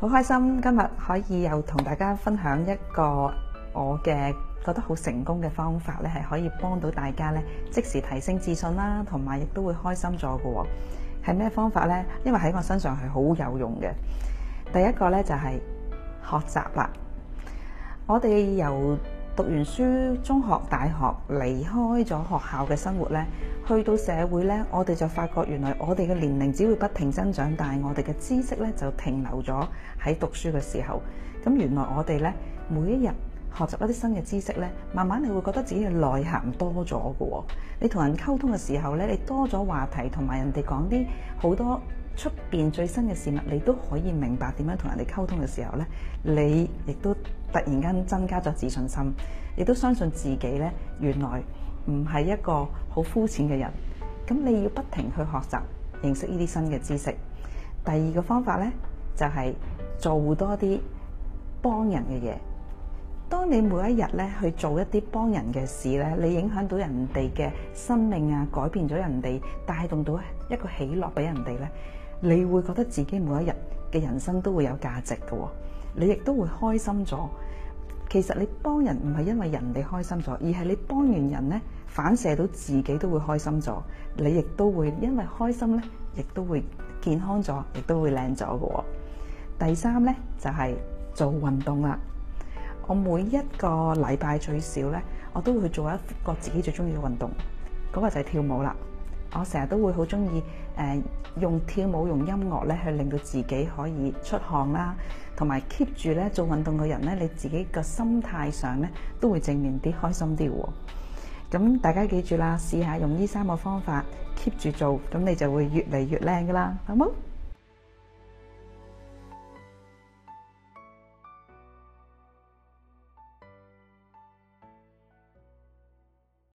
好開心今日可以又同大家分享一個我嘅覺得好成功嘅方法咧，係可以幫到大家咧，即時提升自信啦，同埋亦都會開心咗嘅喎。係咩方法呢？因為喺我身上係好有用嘅。第一個咧就係學習啦。我哋由讀完書，中學、大學離開咗學校嘅生活咧，去到社會咧，我哋就發覺原來我哋嘅年齡只會不停增長，但係我哋嘅知識咧就停留咗喺讀書嘅時候。咁原來我哋咧每一日學習一啲新嘅知識咧，慢慢你會覺得自己嘅內涵多咗㗎喎。你同人溝通嘅時候咧，你多咗話題同埋人哋講啲好多。出邊最新嘅事物，你都可以明白點樣同人哋溝通嘅時候呢，你亦都突然間增加咗自信心，亦都相信自己呢，原來唔係一個好膚淺嘅人。咁你要不停去學習，認識呢啲新嘅知識。第二個方法呢，就係做多啲幫人嘅嘢。當你每一日呢去做一啲幫人嘅事呢，你影響到人哋嘅生命啊，改變咗人哋，帶動到一個喜樂俾人哋呢，你會覺得自己每一日嘅人生都會有價值嘅喎、哦，你亦都會開心咗。其實你幫人唔係因為人哋開心咗，而係你幫完人咧，反射到自己都會開心咗，你亦都會因為開心咧，亦都會健康咗，亦都會靚咗嘅喎。第三咧，就係、是、做運動啦。我每一個禮拜最少咧，我都會做一個自己最中意嘅運動，嗰、那個就係跳舞啦。我成日都會好鍾意誒用跳舞用音樂咧，去令到自己可以出汗啦，同埋 keep 住咧做運動嘅人咧，你自己個心態上咧都會正面啲、開心啲喎。咁大家記住啦，試下用呢三個方法 keep 住做，咁你就會越嚟越靚㗎喇，好冇？